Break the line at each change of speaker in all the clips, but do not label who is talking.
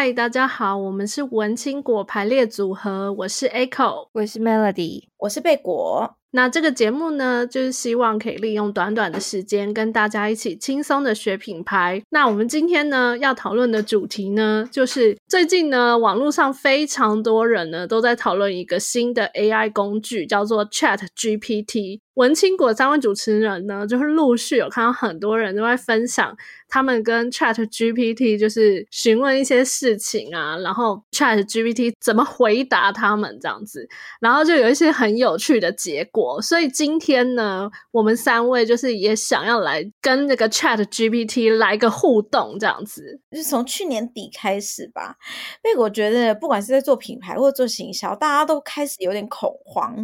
嗨，大家好，我們是文青果排列組合，我是 Echo，我是 Melody。我是貝果，那這個節目呢，就是希望可以利用短短的時間跟大家一起輕鬆的學品牌。那我們今天呢要討論的主題呢，就是最近呢網絡上非常多人呢都在討論一個新的 AI 工具，叫做 ChatGPT。文青果三位主持人呢，就是陸續有看到很多人都在分享他們跟 ChatGPT 就是詢問一些事情啊，然後 ChatGPT 怎麼回答他們這樣子，然後就有一些很很有趣的結果，所以今天呢，我們三位就是也想要來跟那個 ChatGPT 來個互動，這樣子。就是
從去年底開始吧，因為我覺得不管是在做品牌或者做行銷，大家都開始有點恐慌，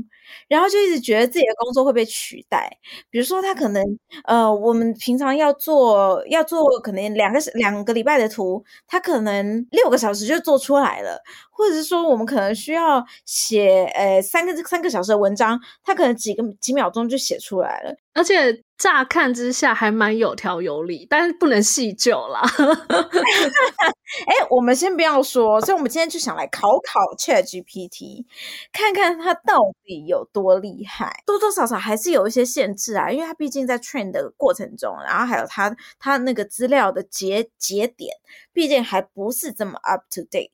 然後就一直覺得自己的工作會被取代。比如說，他可能呃，我們平常要做要做可能兩個兩個禮拜的圖，他可能六個小時就做出來了。或者是說，我們可能需要寫，呃、欸，三個三個小時的文章，他可能幾個幾秒鐘就寫出來了，而且。乍看之下還蠻有條有理，但是不能細究啦。哎、， 欸，我們先不要說，所以我們今天就想來考考 ChatGPT，看看它到底有多厲害。多多少少還是有一些限制啊，因為它畢竟在 train 的過程中，然後還有它它那個資料的節節點，畢竟還不是這麼 up to date。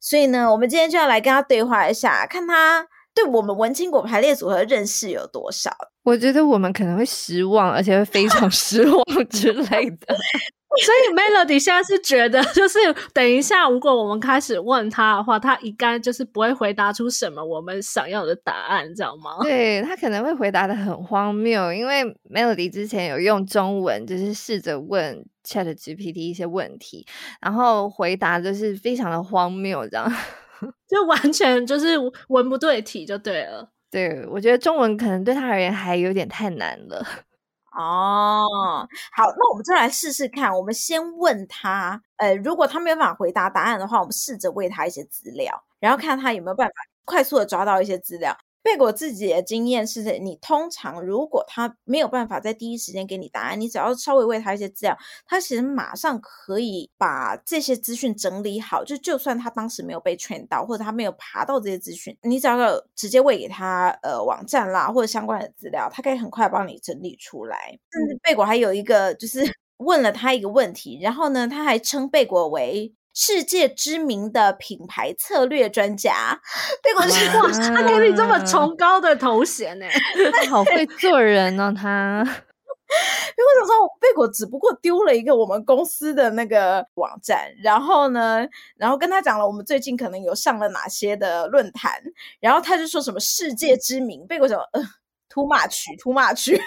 所以呢，我們今天就要來跟它對話一下，看它。對我們文青果排列組合認識有多少？
我覺得我們可能會失望，而且會非常失望之類的。
所以 Melody 現在是覺得，就是等一下，如果我們開始問他的話，他應該就是不會回答出什麼我們想要的答案，你知道嗎？對，
他可能會回答得很荒謬，因為 Melody 之前有用中文就是試着問 ChatGPT 一些問題，然後回答就是非常的荒謬，這樣。就完全就是
文不對題就對了，
對，我覺得中文可能對他而言還有點太難
了。哦，好，那我們就來試試看，我們先問他，呃，如果他沒有辦法回答答案的話，我們試着餵他一些資料，然後看他有沒有辦法快速的抓到一些資料。貝果自己的經驗是，你通常如果他沒有辦法在第一時間給你答案，你只要稍微餵他一些資料，他其實馬上可以把這些資訊整理好。就就算他當時沒有被 train 到，或者他沒有爬到這些資訊，你只要有直接餵給他呃網站啦或者相關的資料，他可以很快幫你整理出來。甚至貝果還有一個就是問了他一個問題，然後呢，他還稱貝果為。世界知名的品牌策略專家貝果是說：“哇，哇，他給你
這麼崇高
的頭銜
呢，他好會做人哦。他
因為我想說，貝果只不過丟了一個我們公司的那個網站，然後呢，然後跟他講了我們最近可能有上了哪些的論壇，然後他就說什麼世界知名貝果什麼呃，禿馬曲，禿馬曲，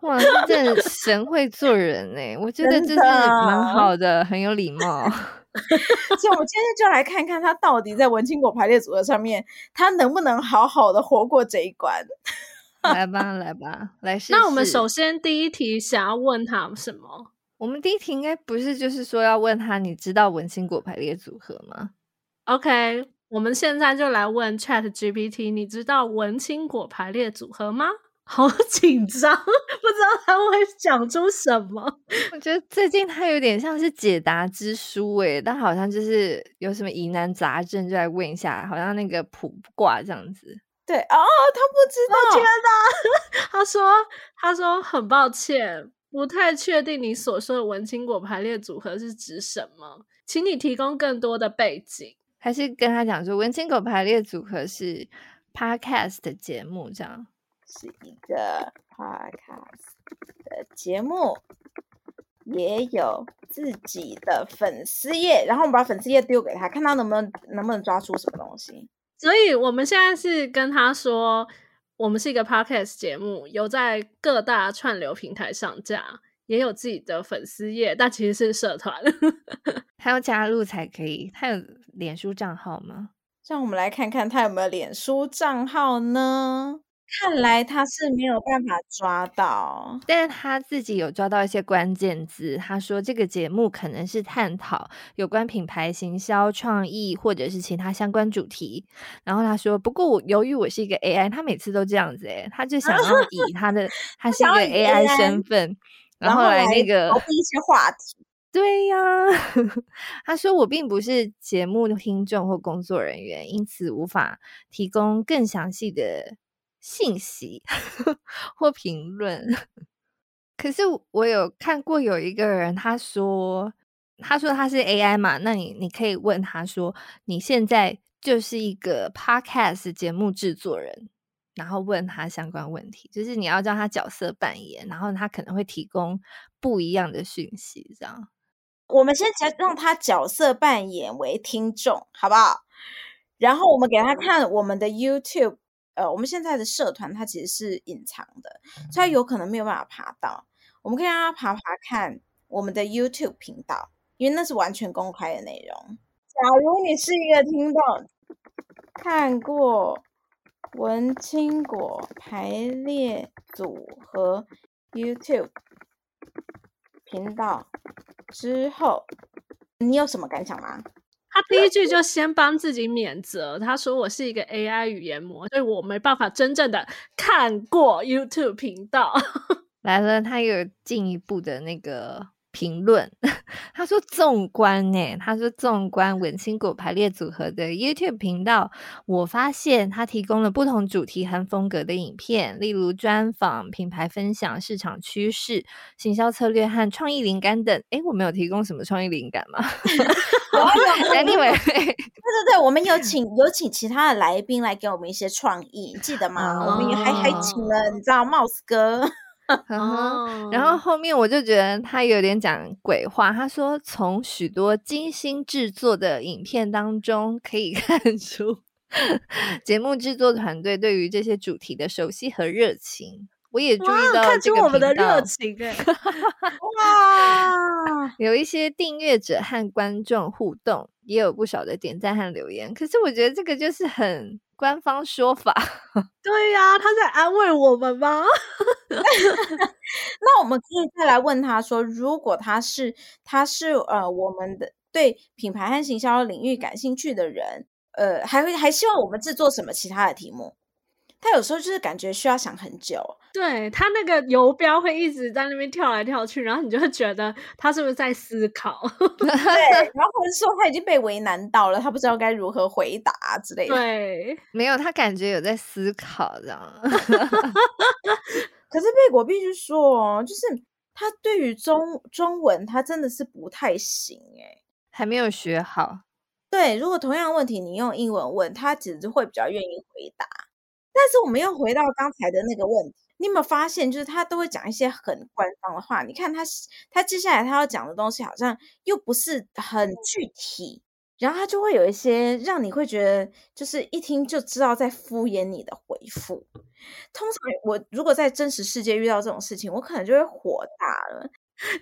哇，真的
神會做人誒，我覺得這是蠻好的，的很有禮貌。”
所以，我今天就來看看他到底在文青果排列組合上面，他能不能好好的活過這一關？
來吧，來吧，來試試。那我們首先第一題想要問他什麼？我們第一題應該不是就是說要問他，你知道文青果排列組合嗎？OK，我們現在就來問
ChatGPT，你知道文青果排列組合嗎？Okay，好緊張，不
知道他會講出什麼。我覺得最近他有點像是解答之書，哎，但好像就是有什麼疑難雜症，就來問一下，好像那個卜卦這樣子。
對，哦，他不知道，哦，天哪。 他說：“他說很抱歉，不太確定你所說的文青果排列組合是指什麼，請你提供更多的背景。”
還是跟他講說，文青果排列組合是 podcast 的節目這樣。是一個 Podcast 的節目，也有自己的粉
絲頁，然後我們把粉絲頁丟給他，看他能不能能不能抓出什麼東
西。所以我們現在是跟他說，我們是一個 Podcast 節目，有在各大串流平台上架，也有自己的粉絲頁，但其實是社團，
他要加入才可以。他有臉書賬號嗎？
讓我們來看看他有沒有臉
書賬號呢？看來他是沒有辦法抓到，但是他自己有抓到一些關鍵字。他說這個節目可能是探討有關品牌行銷、創意或者是其他相關主題。然後他說，不過我由於我是一個 AI，他每次都這樣子、欸，他就想要以他的、啊、他是一個 AI，AI 身份，然後，然後來那個
一些話題。
對呀、啊， 他說我並不是節目的聽眾或工作人員，因此無法提供更詳細的。信息、呵呵或評論。可是我有看過有一個人，他說他說他是 AI 嘛，那你你可以問他說，你現在就是一個 Podcast 節目製作人，然後問他相關問題，就是你要讓他角色扮演，然後他可能會提供不一樣的訊息，這樣。我們先只讓他
角色扮演為聽眾，好不好？然後我們給他看我們的 YouTube。呃，我們現在的社團它其實是隱藏的，所以有可能沒有辦法爬到。我們可以讓他爬爬看我們的 YouTube 頻道，因為那是完全公開的內容。假如你是一個聽眾看過文青果排列組合 YouTube 頻道之後，
你有什麼感想嗎？他第一句就先幫自己免責，他說，我是一個 AI 語言模，所以我沒辦法真正的看過 YouTube 頻道。
來了，他又有進一步的那個評論，他說：“縱觀哎，他說縱觀文青果排列組合的 YouTube 頻道，我發現他提供了不同主題和風格的影片，例如專訪、品牌分享、市場趨勢、行銷策略和創意靈感等。哎，我沒有提供什麼創意靈感嗎？
有有，Anyway，
對對對，我們有請有請其他的來賓來
給我們一些創意，記得嗎？我們還還請了，哦、你知道 Mouse 哥。”
然後，嗯 oh. 然後，後面我就覺得他有點講鬼話。他說：“從許多精心制作的影片當中，可以看出節目制作團隊對於這些主題的熟悉和熱情。”我也注意到這個頻道 wow, 看出我們的熱情、欸。哎，哇！有一些訂閱者和觀眾互動，也有不少的點讚和留言。可是我覺得這個就是很官方說法。對呀、啊，他在安慰我們嗎？
那我們可以再來問他說，如果他是他是呃我們的對品牌和行銷領域感興趣的人，呃，還會還希望我們制作什麼其他的題目？他有時候就是感覺需要想很久，
對他那個游標會一直在那邊跳來跳去，然後你就會覺得他是不是在思考？ 對，然後說他已經被為難到了，他不知道該如何回答之類
的。對，沒有，他感覺有在思考這樣。 可
是貝果必須說哦，就是他對於中中文，他真的是不太行誒、欸，還沒有學好。對，如果同樣的問題你用英文問他，其實就會比較願意回答。但是我們又回到剛才的那個問題，你有沒有發現，就是他都會講一些很官方的話？你看他，他接下來他要講的東西好像又不是很具體。嗯然後他就會有一些讓你會覺得，就是一聽就知道在敷衍你的回復。通常我如果在真實世界遇到這種事情，我可能就會火大了。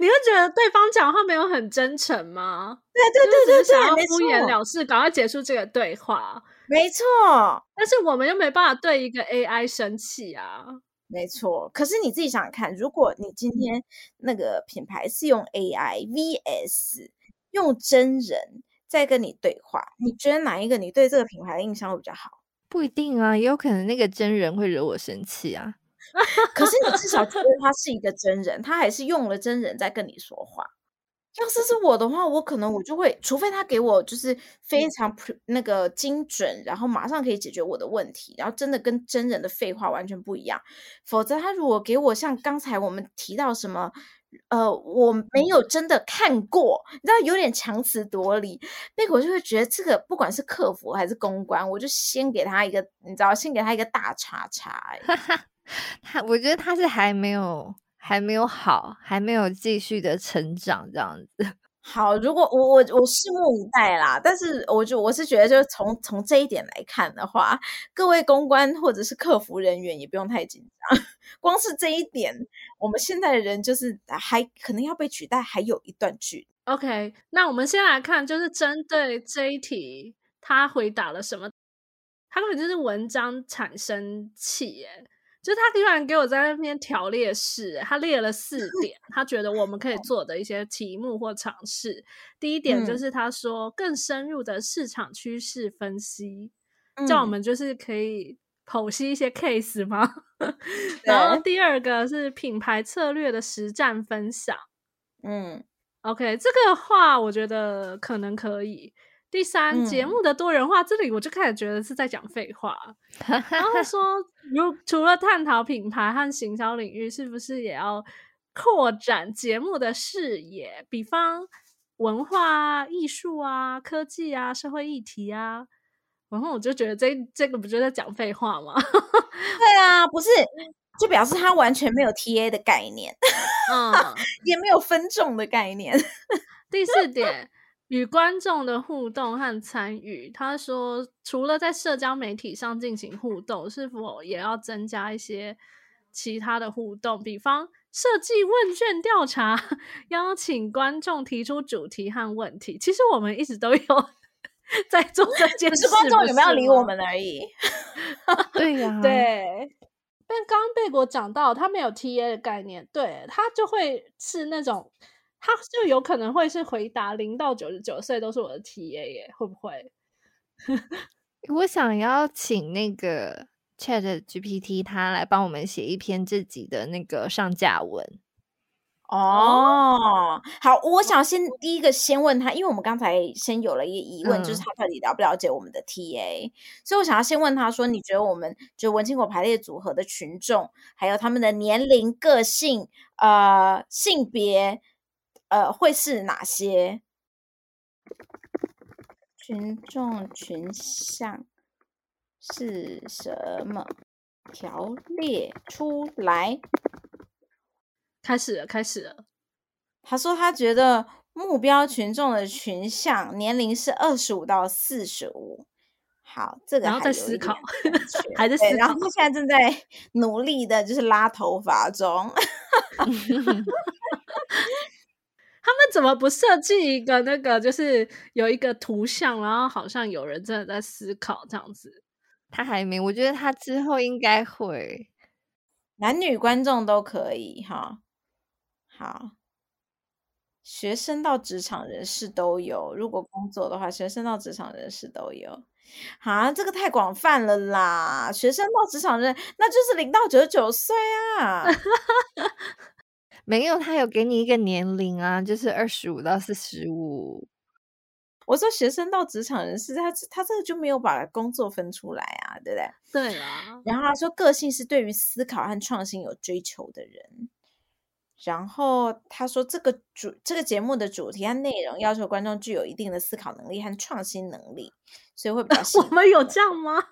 你會覺得對方講話沒有很真誠嗎？對啊，對對對對對，想要敷衍了事，趕快結束這個對話。沒錯，但是我們又沒辦法對一個 AI 生氣啊。沒錯，可是你自己想想看，如果
你今天那個品牌是用 AI vs 用真人。在跟你對話，你覺得哪一個你對這個品牌的印象會比較好？
不一定啊，也有可能那個真人會惹我生氣啊。
可是你至少覺得他是一個真人，他還是用了真人在跟你說話。要是是我的話，我可能我就會，除非他給我就是非常那個精準，然後馬上可以解決我的問題，然後真的跟真人的廢話完全不一樣。否則他如果給我像剛才我們提到什麼。呃，我沒有真的看過，你知道，有點強詞奪理。那個我就會覺得這個，不管是客服還是公關，我就先給他一個，
你知道，先給他一個大叉叉。 他，我覺得他是還沒有，還沒有好，還沒有繼續的成長這樣子。好，如果
我我我拭目以待啦，但是我就我是覺得就，就是從從這一點來看的話，各位公關或者是客服人員也不用太緊張，光是這一點，我們現在的人就是還可能要被取代，還有一段距離。
OK，那我們先來看，就是針對這一題，他回答了什麼？他根本就是文章產生器，耶。就他突然給我在那邊條列式、欸，他列了四點，他覺得我們可以做的一些題目或嘗試。嗯、第一點就是他說更深入的市場趨勢分析，嗯、叫我們就是可以剖析一些 case 嗎？對 然後第二個是品牌策略的實戰分享。嗯，OK，這個話我覺得可能可以。第三，節目的多元化，嗯、這裡我就開始覺得是在講廢話。 然後說，如除了探討品牌和行銷領域，是不是也要擴展節目的視野？比方文化、藝術啊、科技啊、社會議題啊。然後我就覺得這這個不就在講廢話嗎？
對啊，不是，就表示他
完全沒有 TA 的概念，嗯， 也沒有分眾的概念。第四點。 與觀眾的互動和參與，他說，除了在社交媒體上進行互動，是否也要增加一些其他的互動？比方設計問卷調查，邀請觀眾提出主題和問題。其實我們一直都有在做這件事，只是觀眾有沒有理我們而已。 對呀、啊，對。但剛剛貝果講到，他沒有 T A 的概念，對，他就會是那種。他就有可能會是回答零到九十九歲都是我的 T A 耶，會不會？
我想要請那個 Chat G P T 他來幫我們寫一篇自己的那個上架文。
哦，好，我想先第一個先問他，因為我們剛才先有了一個疑問，嗯、就是他到底了不了解我們的 T A，所以我想要先問他說，你覺得我們就文青果排列組合的群眾，還有他們的年齡、個性、呃性別。呃，會是哪些群眾，群像是什麼？條列出來。開始了，開始了。他說他覺得目標群眾的群像年齡是二十五到四十五。好，這個還在思考，
還在思考。然
後他現在正在努力的就是拉頭髮中。
他們怎麼不設計一個那個，就是有一個圖像，然後好像有人真的在思考這樣子？他還沒，我覺得他之後應該會。男女觀眾都可以哈。
好，學生到職場人士都有。如果工作的話，學生到職場人士都有。啊，這個太廣泛了啦！
學生到職場人，那就是零到九十九歲啊。 沒有，他有給你一個年齡啊，就是二十五到四十五。
我說學生到職場人士，他他這個就沒有把工作分出來啊，對不對？對啊。然後他說，個性是對於思考和創新有追求的人。然後他說，這個主這個節目的主題和內容要求觀眾具有一定的思考能力和創新能力，所以會比較 我們有這樣嗎？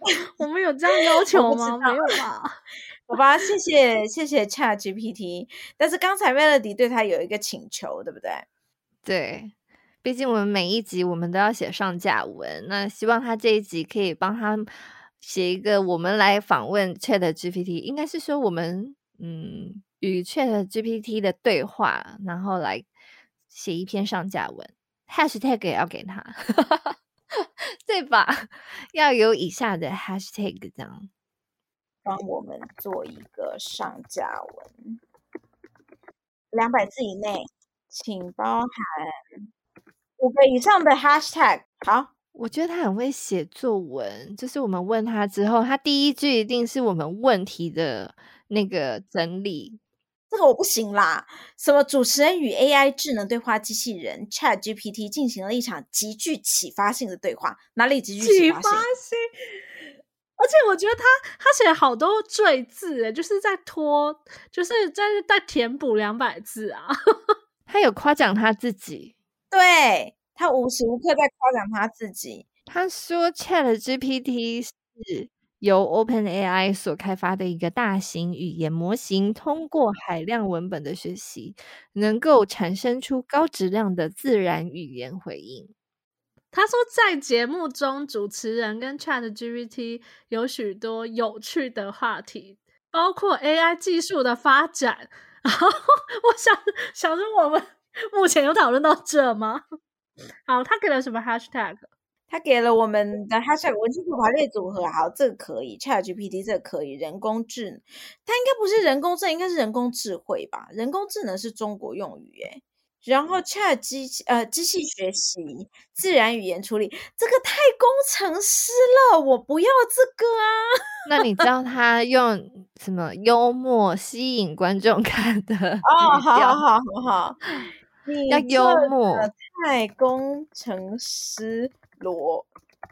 我們有這樣要求嗎？沒有吧。 好吧，謝謝 謝謝 ChatGPT。但是剛才 Melody 對他有一個請求，對不對？
對，畢竟我們每一集我們都要寫上架文，那希望他這一集可以幫他寫一個。我們來訪問 ChatGPT，應該是說我們嗯與 ChatGPT 的對話，然後來寫一篇上架文。Hashtag 也要給他，哈哈哈，對吧？要有以下的 Hashtag，這樣。
幫我們做一個上架文，兩百字以內，請包含
五個以上的 hashtag。好，我覺得他很會寫作文，就是我們問他之後，他第一句一定是我們問題的那個整理。
這個我不行啦，什麼主持人與 AI 智能對話機器人 ChatGPT 進行了一場極具啟發性的對話，哪裡極具啟發
性？而且我覺得他他寫好多贅字，哎，就是在拖，就是在在填補兩百字啊。
他有誇獎他自己，
對，他無時無刻在誇獎他自己。
他說，ChatGPT 是由 OpenAI 所開發的一個大型語言模型，通過海量文本的學習，能夠產生出高質量的自然語言回應。
他說，在節目中，主持人跟 Chat GPT 有許多有趣的話題，包括 AI 技術的發展。 然後我想想着我們目前有討論到這嗎？好，他給了什麼 hashtag？他給了我們的 hashtag 文青果排列組合。好，這
個可以，Chat GPT 這個可以，人工智能。它應該不是人工智能，應該是人工智慧吧？人工智能是中國用語、欸，然後，恰機呃，機器學習、自然語言處理，這個太工程師了，我不要這個啊！
那你教他用什麼幽默吸引觀眾看的？哦，好好很
好，要幽默， 太工程師囉，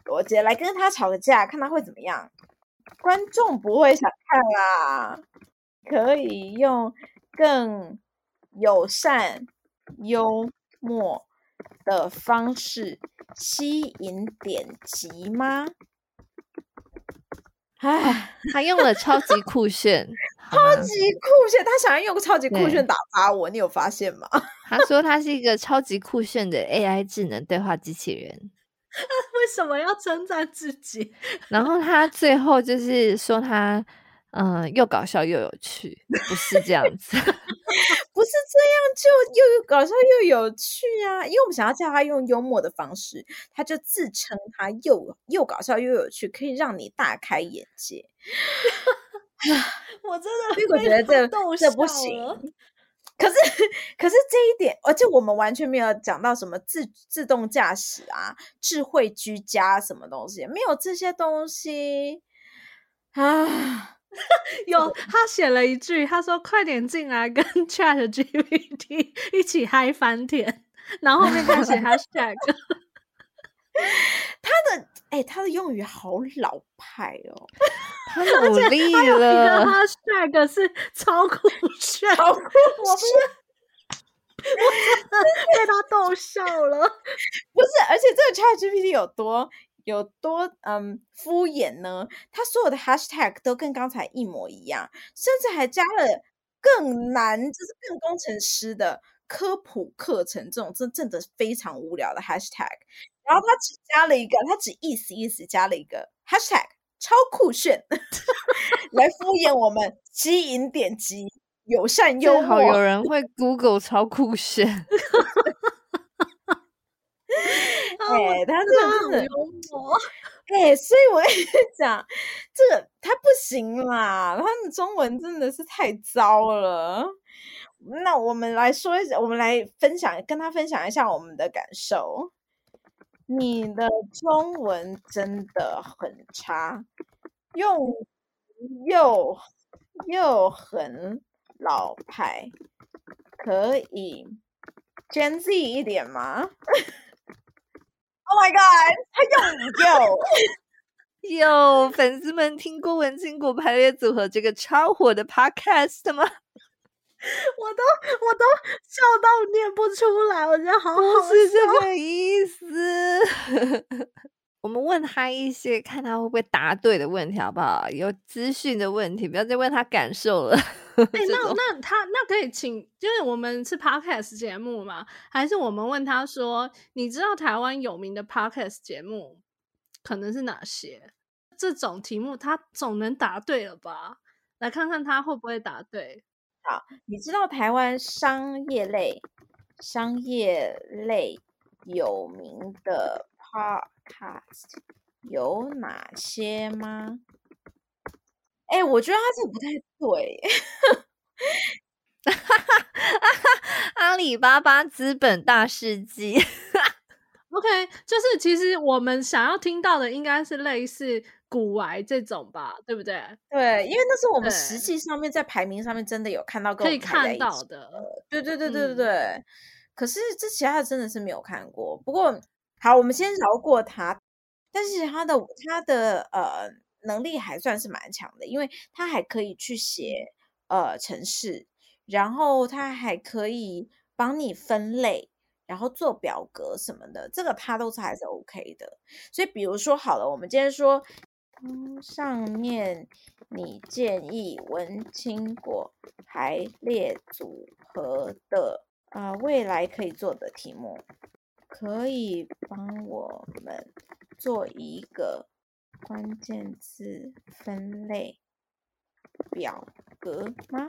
邏輯來跟他吵個架，看他會怎麼樣？觀眾不會想看啦，啊，可以用更友善。幽默的方式吸引點擊嗎？
唉，他用了超級酷炫， 嗎超級酷炫，他想要用個超級酷炫打發我，對你有發現嗎？他說他是一個超級酷炫的 AI 智能對話機器人，
他為什麼要稱讚自己？
然後他最後就是說他。嗯、呃，又搞笑又有趣，不是這樣子，
不是這樣就又又搞笑又有趣啊！因為我們想要叫他用幽默的方式，他就自稱他又又搞笑又有趣，可以讓你大開眼界。
我真的，我覺得這 這不行。
可是可是這一點，而且我們完全沒有講到什麼自自動駕駛啊、智慧居家什麼東西，沒有這些東西
啊。 有他寫了一句，oh. 他說：“快點進來跟 Chat GPT 一起嗨翻天。”然後後面開始他 hashtag
他的哎、欸、他的用語好老派哦，他努力了。
他 hashtag 是超酷炫，超酷炫！ 我不是被他逗笑了。
不是，而且這個 Chat GPT 有多？有多嗯敷衍呢？他所有的 hashtag 都跟剛才一模一樣，甚至還加了更難，就是更工程師的科普課程這種，這真的是非常無聊的 hashtag。然後他只加了一個，他只意思意思加了一個 hashtag，超酷炫，來敷衍我們，吸引點擊、友善，最
好有人會 Google 超酷炫。
哎，他、欸、哇真的很幽默，哎、欸，所以我跟你講，
這個他不行啦，他的中文真的是太糟了。那我們來說一下，我們來分享，跟他分享一下我們的感受。你的中文真的很差，又又又很老派，可以 Gen Z 一點嗎？ Oh my god！
他又不救。喲 粉絲們聽過《文青果排列組合》這個超火的 podcast 嗎？我都我都笑到念不出來，我覺得好好笑。是這個意思。 我們問他一些看他會不會答對的問題好不好？有資訊的問題，不要再問他感受了。
哎、 欸，那那他那可以請，因為我們是 podcast 節目嘛，還是我們問他說，你知道台灣有名的 podcast 節目可能是哪些？這種題目他總能答對了吧？來看看他會不會答對。
好，你知道台灣商業類商業類有名的 podcast 有哪些嗎？
哎、欸，我覺得他這個不太對， 阿里巴巴資本大世紀
，OK，就是其實我們想要聽到的應該是類似古玩這種吧，對不對？
對，因為那是我們實際上面在排名上面真的有看到過可以看到的，
對對對對對,對、
嗯、可是這其他的真的是沒有看過。不過好，我們先饒過他，但是他的他的呃。能力還算是蠻強的，因為它還可以去寫呃程式，然後它還可以幫你分類，然後做表格什麼的，這個它都是還是 OK 的。所以，比如說好了，我們今天說，嗯，上面你建議文青果排列組合的啊、呃，未來可以做的題目，可以幫我們做一個。關鍵字
分類
表格嗎？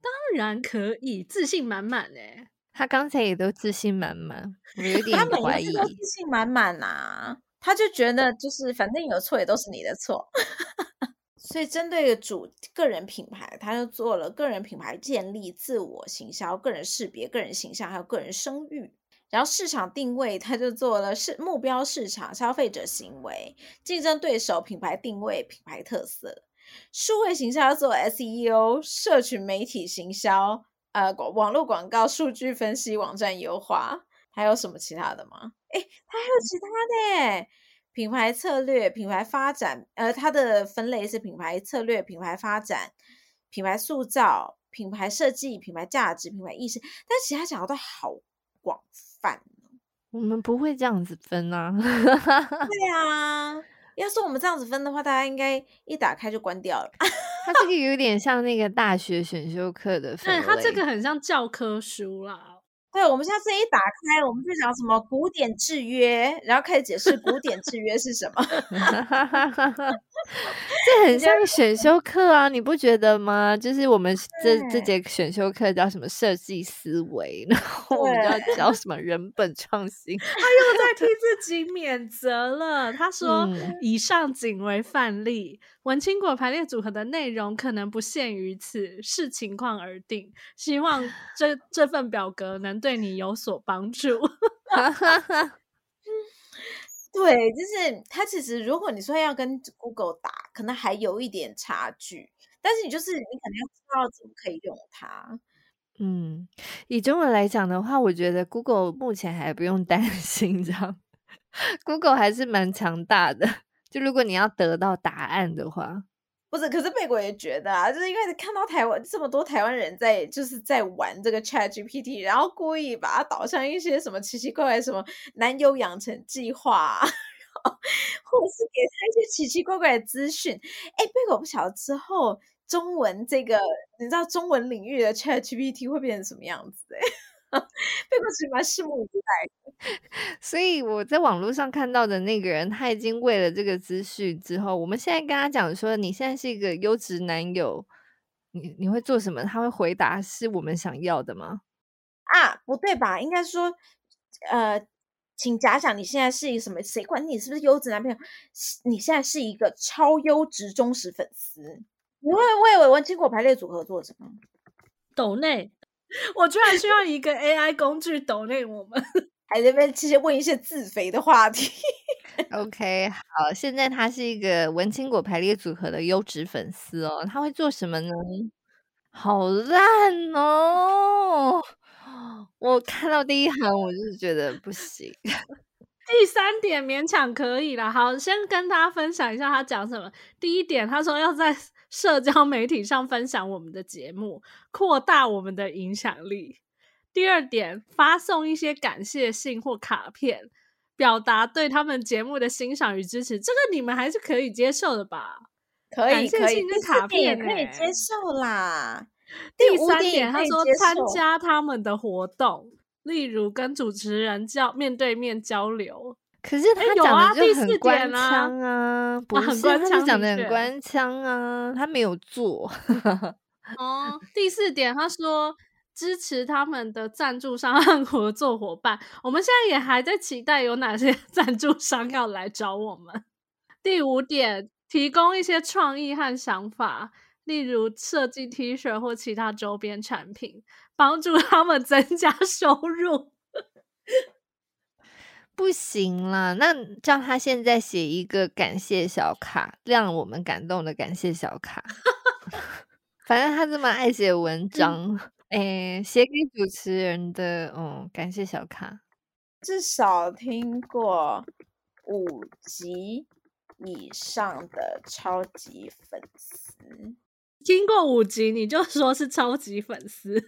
當然可以，自信滿滿哎、
欸！他剛才也都自信滿滿，我有點懷疑。 他每一次都
自信滿滿、啊、他就覺得就是反正有錯也都是你的錯， 所以針對個主個人品牌，他就做了個人品牌建立、自我形象、個人識別、個人形象還有個人聲譽。然後市場定位，他就做了是目標市場、消費者行為、競爭對手、品牌定位、品牌特色。數位行銷做 SEO、社群媒體行銷、呃廣網絡廣告、數據分析、網站優化，還有什麼其他的嗎？哎，他還有其他的，品牌策略、品牌發展，呃，它的分類是品牌策略、品牌發展、品牌塑造、品牌設計、品牌價值、品牌意識，但其他講的都好廣。反，
我們不會這樣子分啊。
對啊，要是我們這樣子分的話，大家應該一打開就關掉了。
它 這個有點像那個大學選修課的分類。對，它這個
很像教科書啦。對，我們下次一打開，我們就講什麼古典制約，然後開始解釋古典制約是什麼。
這很像選修課啊，你不覺得嗎？就是我們這對這節選修課叫什麼設計思維，然後我們要教什麼人本創新。他又
對、 哎、在替自己免責了，他說：“嗯、以上僅為範例，文青果排列組合的內容可能不限於此，視情況而定。希望這這份表格能對你有所幫助。 ” 對，就是它。其實，如果你說要跟 Google 打，可
能還有一點差距。但是你就是你，肯定要知道怎麼可以用它。
嗯，以中文來講的話，我覺得 Google 目前還不用擔心，這樣。Google 還是蠻強大的。就如果你要得到答案的話。
不是，可是，貝果也覺得啊，就是因為看到台灣這麼多台灣人在，就是在玩這個 ChatGPT，然後故意把它導向一些什麼奇奇怪怪、什麼男友養成計劃，然 後或者是給他一些奇奇怪怪的資訊。誒、欸、貝果不曉得之後中文這個，你知道中文領域的 ChatGPT 會變成什麼樣子，欸？哎。被果汁拭目以待。
所以我在網絡上看到的那個人，他已經為了這個資訊之後，我們現在跟他講說，你現在是一個優質男友，你你會做什麼？他會回答是我們想要的嗎？啊，不對吧？應該說，呃，請
假想你現在是一個什麼？誰管你是不是優質男朋友？你現在是一個超優質忠實粉絲，你會為文青果排列組合做什麼？抖內。
我居然需要一個 AI 工具抖內我們， 還在被直接問
一些自肥的話題。 OK，好，現在他是一個文青果排列組合的優質粉絲哦，他會做什麼呢？好爛哦！我看到第一行我就覺得不行。
第三點勉強可以了。好，先跟大家分享一下他講什麼。第一點，他說要在。社交媒體上分享我們的節目，擴大我們的影響力。第二點，發送一些感謝信或卡片，表達對他們節目的欣賞與支持。這個你們還是可以接受的吧？可以，感謝信跟卡片、欸、可以，可以，也可以
接受啦。
第，點第三點，他說參加他們的活動，例如跟主持人交，面對面交流。可是他講的就很
官腔啊，不是？他就講的很官腔啊，他沒有做。
哦，第四點，他說支持他們的贊助商和合作夥伴。我們現在也還在期待有哪些贊助商要來找我們。第五點，提供一些創意和想法，例如設計 T 恤或其他周邊產品，幫助他們增加收入。
不行了，那叫他現在寫一個感謝小卡，讓我們感動的感謝小卡。 反正他這麼愛寫文章，哎、嗯，寫、欸、給主持人的，嗯，感謝小卡，
至少聽過五集以上的超級粉絲。
聽過五集你就說是超級粉絲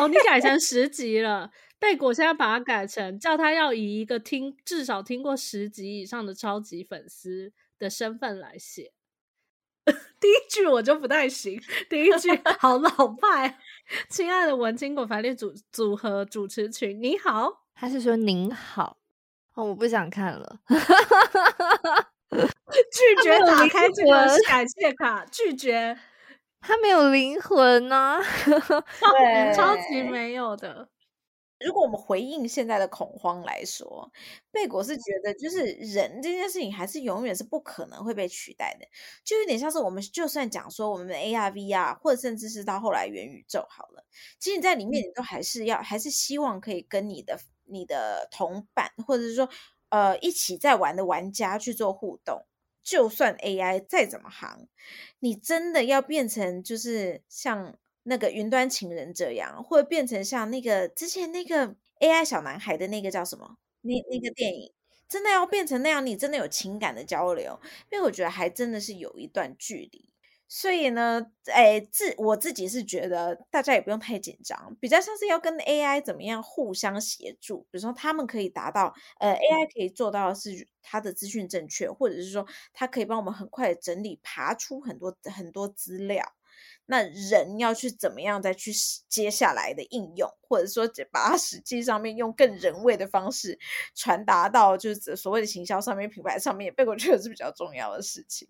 哦， oh, 你改成十集了。貝 果現在把它改成叫他要以一個聽至少聽過十集以上的超級粉絲的身份來寫。 第一句我就不太行。第一句 好老派，親愛的文青果排列組組合主持群，你好。他是說您好。
哦，我不想看
了，
拒絕文打開這個感
謝卡，拒絕文。 拒絕文 他沒有靈魂吶、啊，呵呵對超級沒有的。
如果我們回應現在的恐慌來說，貝果是覺得就是人這件事情還是永遠是不可能會被取代的，就有點像是我們就算講說我們的 ARVR 或者甚至是到後來元宇宙好了，其實你在裡面你都還是要還是希望可以跟你的你的同伴或者是說呃一起在玩的玩家去做互動。就算 AI 再怎麼行，你真的要變成就是像那個雲端情人這樣，或者變成像那個之前那個 AI 小男孩的那個叫什麼？那、嗯、那個電影，真的要變成那樣，你真的有情感的交流？因為我覺得還真的是有一段距離。所以呢，誒、欸，自我自己是覺得大家也不用太緊張，比較像是要跟 AI 怎麼樣互相協助，比如說他們可以達到，呃，AI 可以做到的是它的資訊正確，或者是說它可以幫我們很快的整理、爬出很多很多資料。那人要去怎麼樣再去接下來的應用，或者說把它實際上面用更人味的方式傳達到，就是所謂的行銷上面、品牌上面，被我覺得是比較重要的事情。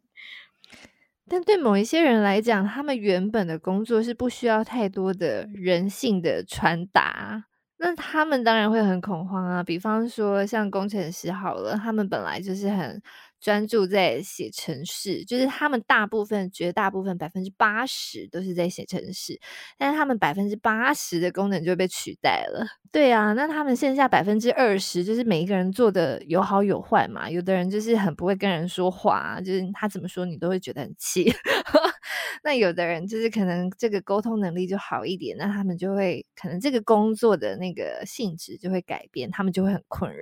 但對某一些人來講，他們原本的工作是不需要太多的人性的傳達，那他們當然會很恐慌啊。比方說像工程師好了，他們本來就是很。專注在寫程式，就是他們大部分、絕大部分、百分之八十都是在寫程式，但是他們百分之八十的功能就被取代了。對啊，那他們剩下百分之二十，就是每一個人做得有好有壞嘛。有的人就是很不會跟人說話，就是他怎麼說你都會覺得很氣。 那有的人就是可能這個溝通能力就好一點，那他們就會可能這個工作的那個性質就會改變，他們就會很困擾。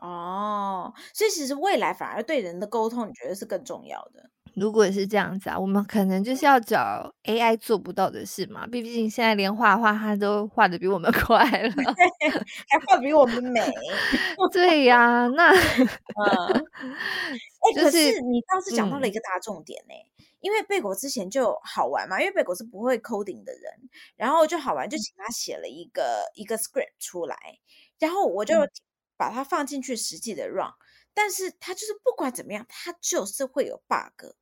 哦，所以其實未來反而對人的溝通，你覺得是更重要的？
如果是這樣子啊，我們可能就是要找 AI 做不到的事嘛。畢竟現在連畫畫，它都畫得比我們快了， 還畫比我們美。 對呀、啊，那， 嗯、欸，
可是你倒是講到了一個大重點呢、欸，嗯、因為貝果之前就好玩嘛，因為貝果是不會 coding 的人，然後就好玩，就請他寫了一個、嗯、一個 script 出來，然後我就、嗯。把它放進去實際的 run，但是它就是不管怎麼樣，它就是會有 bug。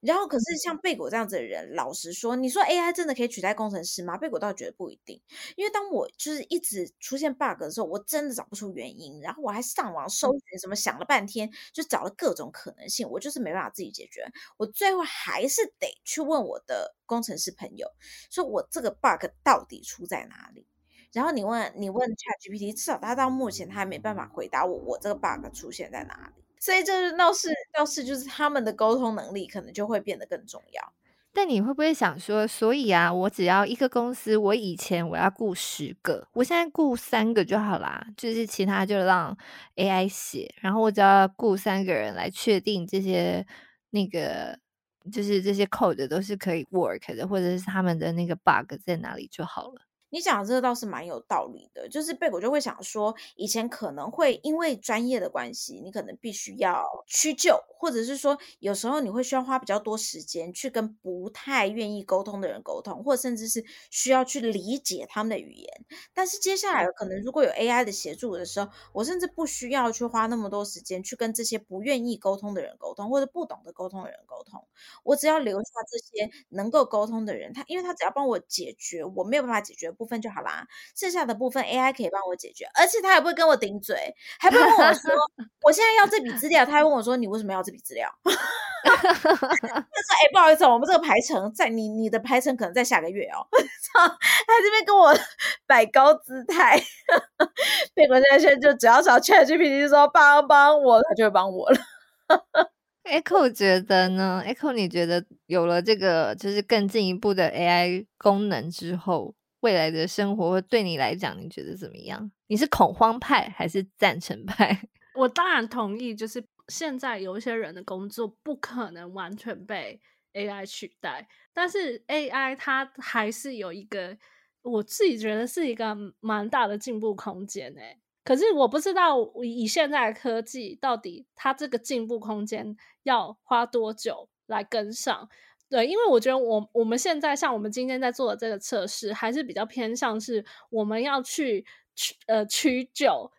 然後，可是像貝果這樣子的人，嗯、老實說，你說 AI 真的可以取代工程師嗎？貝果倒覺得不一定，因為當我就是一直出現 bug 的時候，我真的找不出原因，然後我還上網搜尋什麼，嗯、想了半天，就找了各種可能性，我就是沒辦法自己解決，我最後還是得去問我的工程師朋友，說我這個 bug 到底出在哪裡。然後你問你問 ChatGPT，至少他到目前他還沒辦法回答我，我這個 bug 出現在哪裡。所以這是鬧事，嗯、鬧事就是他們的溝通能力可能就會變得更重要。
但你會不會想說，所以啊，我只要一個公司，我以前我要雇十個，我現在雇三個就好啦，就是其他就讓 AI 寫，然後我只要雇三個人來確定這些那個就是這些 code 都是可以 work 的，或者是他們的那個 bug 在哪裡就好了。
你講的這個倒是蠻有道理的，就是貝果就會想說，以前可能會因為專業的關係，你可能必須要屈就，或者是說有時候你會需要花比較多時間去跟不太願意溝通的人溝通，或甚至是需要去理解他們的語言。但是接下來可能如果有 AI 的協助的時候，我甚至不需要去花那麼多時間去跟這些不願意溝通的人溝通，或者不懂得溝通的人溝通，我只要留下這些能夠溝通的人，他因為他只要幫我解決，我沒有辦法解決不。部分就好啦，剩下的部分 AI 可以幫我解決。而且他也不會跟我頂嘴，還不跟我說 我現在要這筆資料，他還問我說，你為什麼要這筆資料？ 他說哎、欸，不好意思、喔，我們這個排程在你，你的排程可能在下個月哦、喔。 他這邊跟我擺高姿態，貝果現在現在就只要是 ChatGPT 說幫幫我，他就會幫我了。
Echo 覺得呢？Echo 你覺得有了這個就是更進一步的 AI 功能之後？未來的生活對你來講，你覺得怎麼樣？你是恐慌派還是贊成派？
我當然同意，就是現在有一些人的工作不可能完全被 AI 取代，但是 AI 它還是有一個，我自己覺得是一個蠻大的進步空間誒。可是我不知道以現在的科技，到底它這個進步空間要花多久來跟上。對，因為我覺得我我們現在像我們今天在做的這個測試，還是比較偏向是我們要去呃屈就，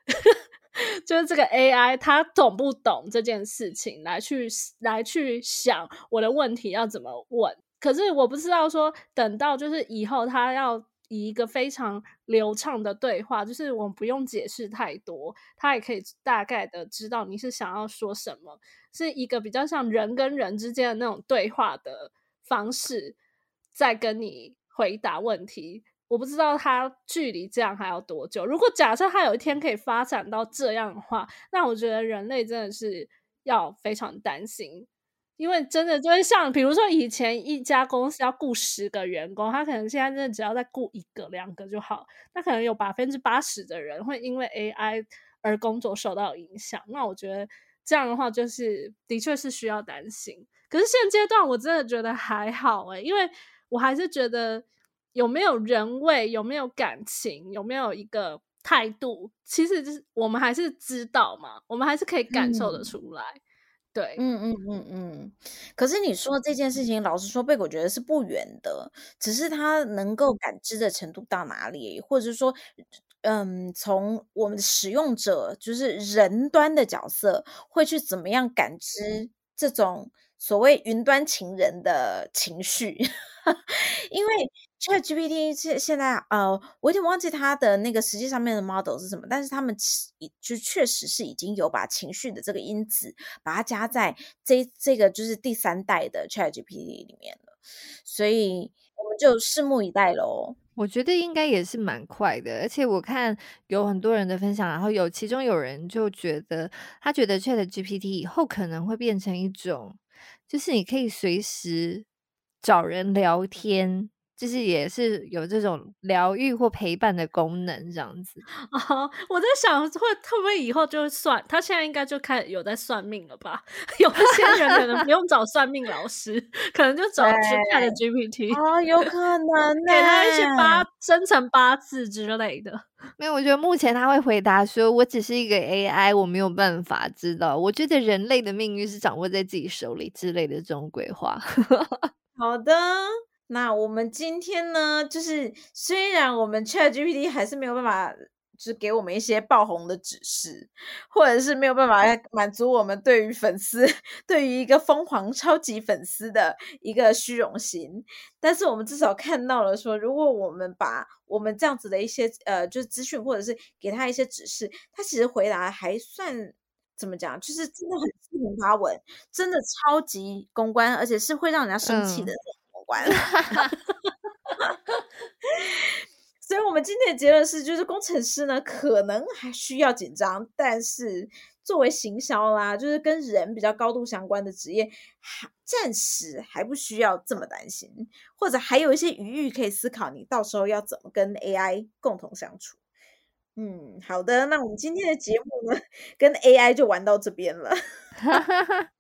就是這個 AI 它懂不懂這件事情，來去來去想我的問題要怎麼問，可是我不知道說等到就是以後它要。以一個非常流暢的對話，就是我們不用解釋太多，他也可以大概的知道你是想要說什麼，是一個比較像人跟人之間的那種對話的方式，在跟你回答問題。我不知道他距離這樣還要多久。如果假設他有一天可以發展到這樣的話，那我覺得人類真的是要非常擔心。因為真的就是像，比如說以前一家公司要雇十個員工，他可能現在真的只要再雇一個、兩個就好。那可能有百分之八十的人會因為 AI 而工作受到影響。那我覺得這樣的話，就是的確是需要擔心。可是現階段我真的覺得還好誒、欸，因為我還是覺得有沒有人味，有沒有感情，有沒有一個態度，其實就是我們還是知道嘛，我們還是可以感受得出來。嗯
對，嗯嗯嗯嗯，可是你說這件事情，老實說，貝果，我覺得是不遠的，只是它能夠感知的程度到哪裡，或者是說，嗯，從我們的使用者，就是人端的角色，會去怎麼樣感知這種所謂雲端情人的情緒， 因為。Chat GPT 現現在，呃，我已經忘記它的那個實際上面的 model 是什麼，但是他們其，就確實是已經有把情緒的這個因子，把它加在這這個就是第三代的 ChatGPT
裡面了，所以我們就拭目以待嘍。我覺得應該也是蠻快的，而且我看有很多人的分享，然後有其中有人就覺得，他覺得 ChatGPT 以後可能會變成一種，就是你可以隨時找人聊天。就是也是有這種療癒或陪伴的功能，這樣子啊。
Oh, 我在想會，會會不會以後就算他現在應該就開始有在算命了吧？有些人可能不用找算命老師， 可能就找 ChatGPT 啊，對 oh, 有可能呢， 給他一些八生成八字之類的。
沒有，我覺得目前他會回答說：“我只是一個 AI，我沒有辦法知道。”我覺得人類的命運是掌握在自己手裡之類的這種鬼話。
好的。那我們今天呢，就是雖然我們 ChatGPT 還是沒有辦法，就是給我們一些爆紅的指示，或者是沒有辦法滿足我們對於粉絲，對於一個瘋狂超級粉絲的一個虛榮心，但是我們至少看到了說，如果我們把我們這樣子的一些呃，就是資訊或者是給他一些指示，他其實回答還算怎麼講，就是真的很勁爆發文，真的超級公關，而且是會讓人家生氣的。嗯玩，完 所以我們今天的結論是，就是工程師呢，可能還需要緊張，但是作為行銷啦，就是跟人比較高度相關的職業，暫時還不需要這麼擔心，或者還有一些餘裕可以思考你，你到時候要怎麼跟 AI 共同相處。嗯，好的，那我們今天的節目呢，跟 AI 就玩到這邊了。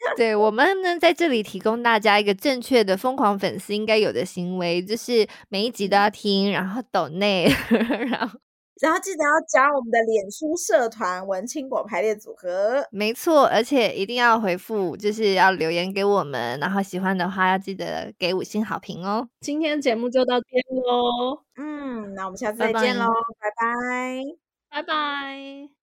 對我們能在這裡提供大家一個正確的瘋狂粉絲應該有的行為，就是每一集都要聽，然後抖 o 然
後然後記得要加我們的臉書社團“文青果排列組合”，
沒錯，而且一定要回復，就是要留言給我們，然後喜歡的話要記得給五星好評哦。今天節目就到這嘍，嗯，那我們下次再見嘍，
拜拜，拜拜。